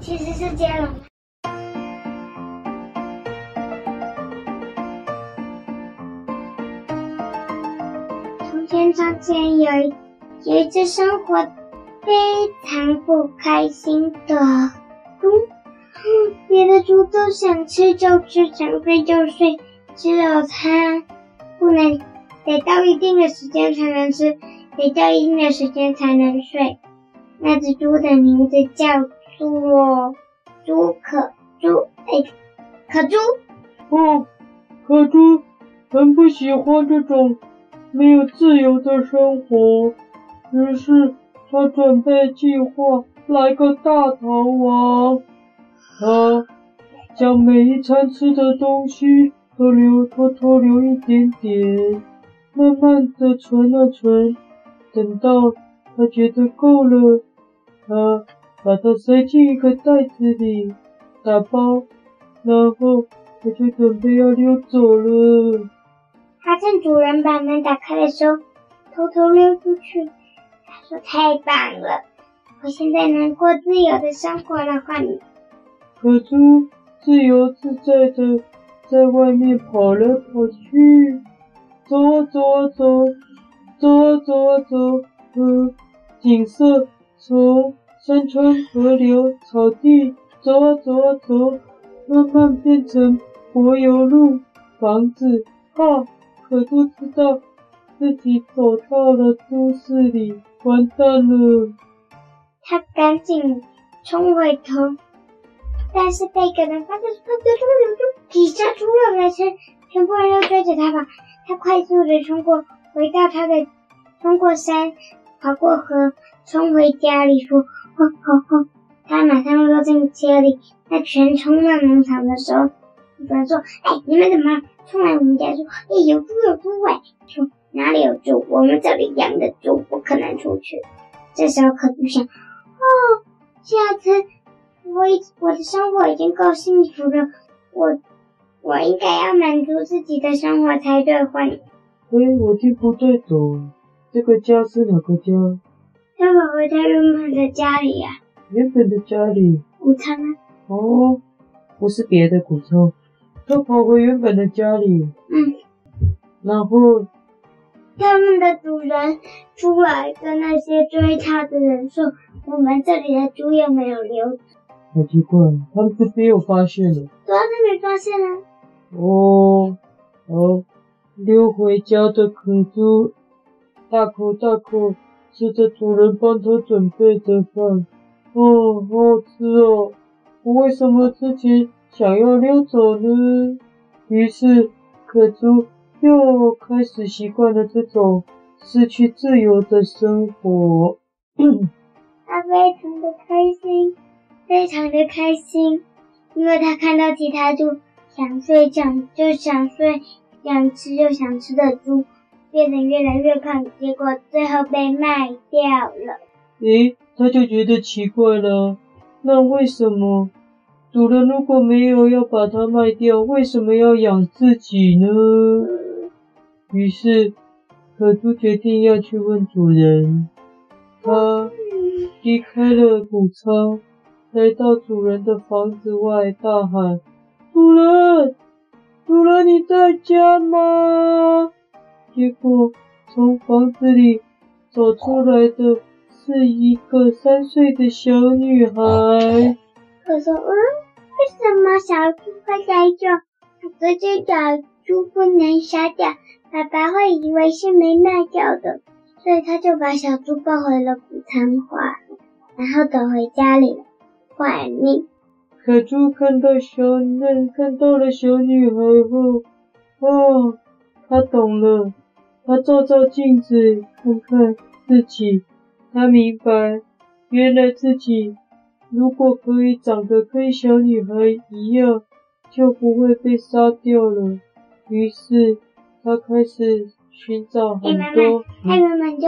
其實是接龍。從前，從前有一有一隻生活非常不開心的豬。別的豬都想吃就吃，想睡就睡，只有它不能，得到一定的時間才能吃，得到一定的時間才能睡。那隻豬的名字叫。豬，哦、豬，可豬可豬哎，可豬哦，可豬很不喜歡這種沒有自由的生活，於是他準備計劃來個大逃亡。他、啊、將每一餐吃的東西都留，偷偷留一點點，慢慢的存了存，等到他覺得夠了，他、啊。把它塞進一個袋子裡，打包，然後我就準備要溜走了。它趁主人把門打開的時候，偷偷溜出去。他說：“太棒了，我現在能過自由的生活了。”哈筆，小豬自由自在的在外面跑來跑去，走啊走啊走，走啊走啊走，啊走，啊走，啊走，啊走啊，景色從。山川、河流、草地，走啊走啊走，慢慢變成柏油路。房子，哈、啊，可都知道自己走到了都市裡，完蛋了！他趕緊衝回頭，但是被一個人發現，他抓住！狗人幾下豬人來吃，全部人都追着他跑，他快速的衝過，回到他的，通過山。跑過河，衝回家裡說：“哦吼吼！”他、哦哦、馬上落進車裡。他全衝到農場的時候，他說：“哎、欸，你們怎麼衝來我們家說？哎、欸，有豬有豬哎、欸！”說哪裡有豬？我們這裡養的豬不可能出去。這時候可不想：“哦，下次我我的生活已經夠幸福了，我我應該要滿足自己的生活才對。對”所以我就不對頭。這個家是哪個家？他跑回他原本的家裡呀、啊。原本的家裡，午餐啊。哦，不是別的穀倉，他跑回原本的家裡。嗯。然後，他們的主人出來跟那些追他的人說：“我們這裡的豬又沒有留住。好奇怪，他們都沒有發現了。對啊，都沒發現呢。哦哦，溜回家的公豬。大口大口吃着主人幫它準備的飯，哦，好，好吃哦！我為什麼之前想要溜走呢？於是，可豬又開始習慣了這種失去自由的生活。它非常的開心，非常的開心，因為它看到其他豬想睡覺，就想睡，想吃，想吃就想吃的豬。變得越來越胖，結果最後被賣掉了。咦，他就覺得奇怪了。那為什麼主人如果沒有要把它賣掉，為什麼要養自己呢？嗯、於是，可豬決定要去問主人。他離開了谷倉，來到主人的房子外，大喊：“嗯、主人，主人，你在家嗎？”結果從房子裡走出來的是一個三歲的小女孩。我說：“嗯，為什麼小豬會在這兒？這只小豬不能殺掉，爸爸會以為是沒賣掉的，所以他就把小豬抱回了谷倉房，然後躲回家裡了，壞命。可豬看到小嫩看到了小女孩後，哦、啊。他懂了，他照照鏡子，看看自己，他明白，原來自己如果可以長得跟小女孩一樣，就不會被殺掉了。於是他開始尋找很多。欸，妹妹，他原本就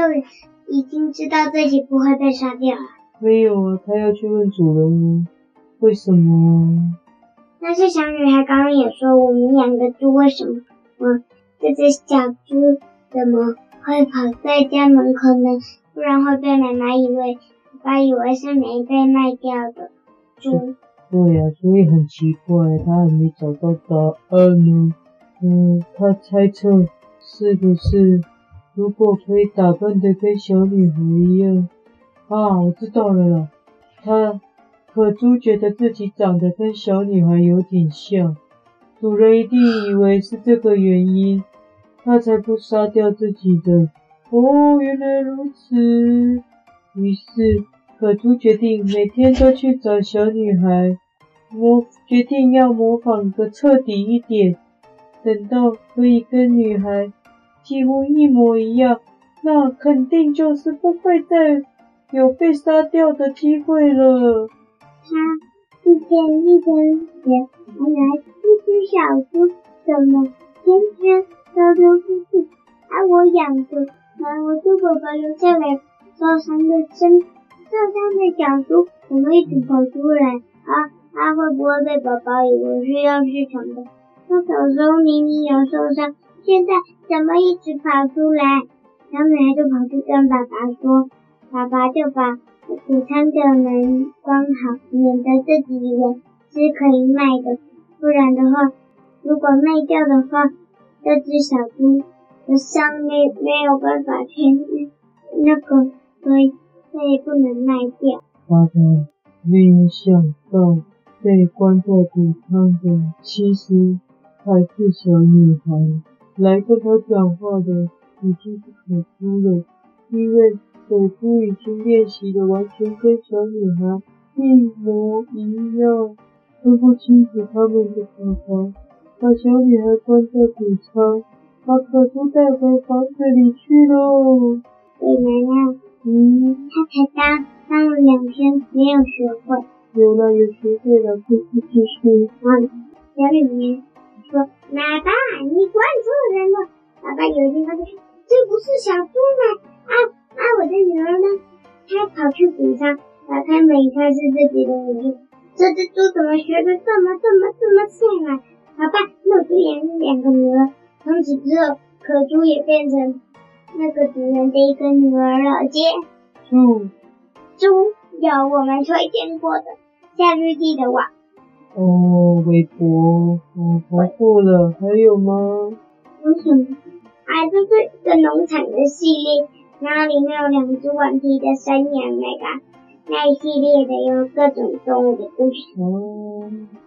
已經知道自己不會被殺掉了。沒有啊，他要去問主人喔，為什麼。但是小女孩剛剛也說，我們兩個豬為什麼？這隻小豬怎麼會跑在家門口呢？不然會被奶奶以為，爸以為是沒被賣掉的豬。對呀、啊，所以很奇怪，他還沒找到答案呢。嗯，他、嗯、猜測是不是如果可以打扮得跟小女孩一樣啊？我知道了啦，他可豬覺得自己長得跟小女孩有點像。主人一定以為是這個原因，他才不殺掉自己的。哦，原來如此。於是，可圖決定每天都去找小女孩，模、決定要模仿個徹底一點。等到可以跟女孩幾乎一模一樣，那肯定就是不會再有被殺掉的機會了。他一天一一奶奶，這隻小豬怎麼天天偷偷出去？而、啊、我養的，然、啊、我豬寶寶留下來受傷的身，受傷的小豬怎麼一直跑出來啊？啊，會不會被寶寶以為是要吃蟲子？說小時候明明有受傷，現在怎麼一直跑出來？小女孩就跑去跟爸爸說，爸爸就把穀倉的門關好，免得自己以為。是可以賣的，不然的話，如果賣掉的話，這隻小豬的傷沒沒有辦法痊癒，那個，那個，所以，所以不能賣掉。爸爸沒有想到被關在穀倉的其實還是小女孩，來跟他講話的已經是小豬了，因為小豬已經練習的完全跟小女孩一模一樣。分不清楚他們的所長，把小女孩關在谷倉，把小豬帶回房子裡去嘍。奶奶，嗯，他才當當了兩天，沒有學會。原來有那個學會了，會繼續繼續。小、嗯、女孩說：“奶爸，你關錯人了，爸爸有一天他就說這不是小豬嗎、啊？啊啊，我的女兒呢？她跑去谷倉，打開門，一看是自己的母親。這只豬怎麼學得這麼這麼這麼像啊？好吧，那珠演這兩個女兒。從此之後，可豬也變成那個主人的一個女兒了。姐，嗯，豬，豬有我們推薦過的夏綠蒂的網。哦，微博，我回復了，還有嗎？有什麼？還、嗯啊、這是一個農場的系列，然後裡面有兩隻頑皮的山羊嘎，那個。那一系列的有各種動物的故事，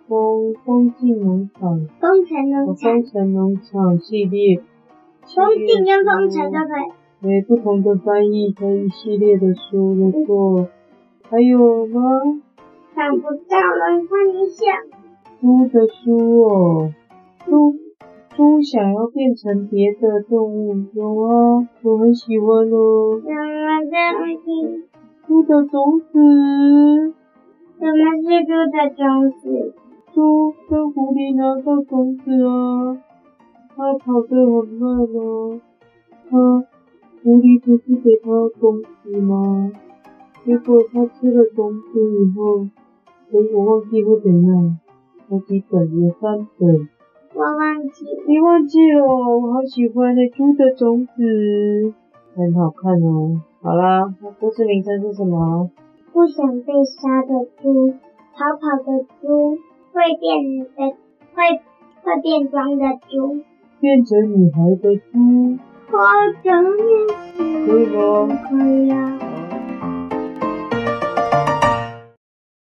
風風境農場，風城農場，風城農場系列，風境跟風城都可以，哎，不同的翻譯，跟一系列的書，如、嗯、果還有嗎？想不到了，看一下。豬的書哦，豬豬想要變成別的動物，有啊，我很喜歡哦。媽媽在聽。這樣豬的種子？什麼是豬的種子？豬跟狐狸拿到種子啊，它跑得很慢啊。它，狐狸不是給它種子嗎？結果它吃了種子以後，結、欸、果忘記不等了，我記等了三等。我忘記，你忘記了、哦，我好喜歡的豬的種子，很好看哦。好了啦，故事名稱是什麼？不想被殺的豬，逃跑的豬，會變的會會變裝的豬，變成女孩的豬，我整一可以嗎？可以啊。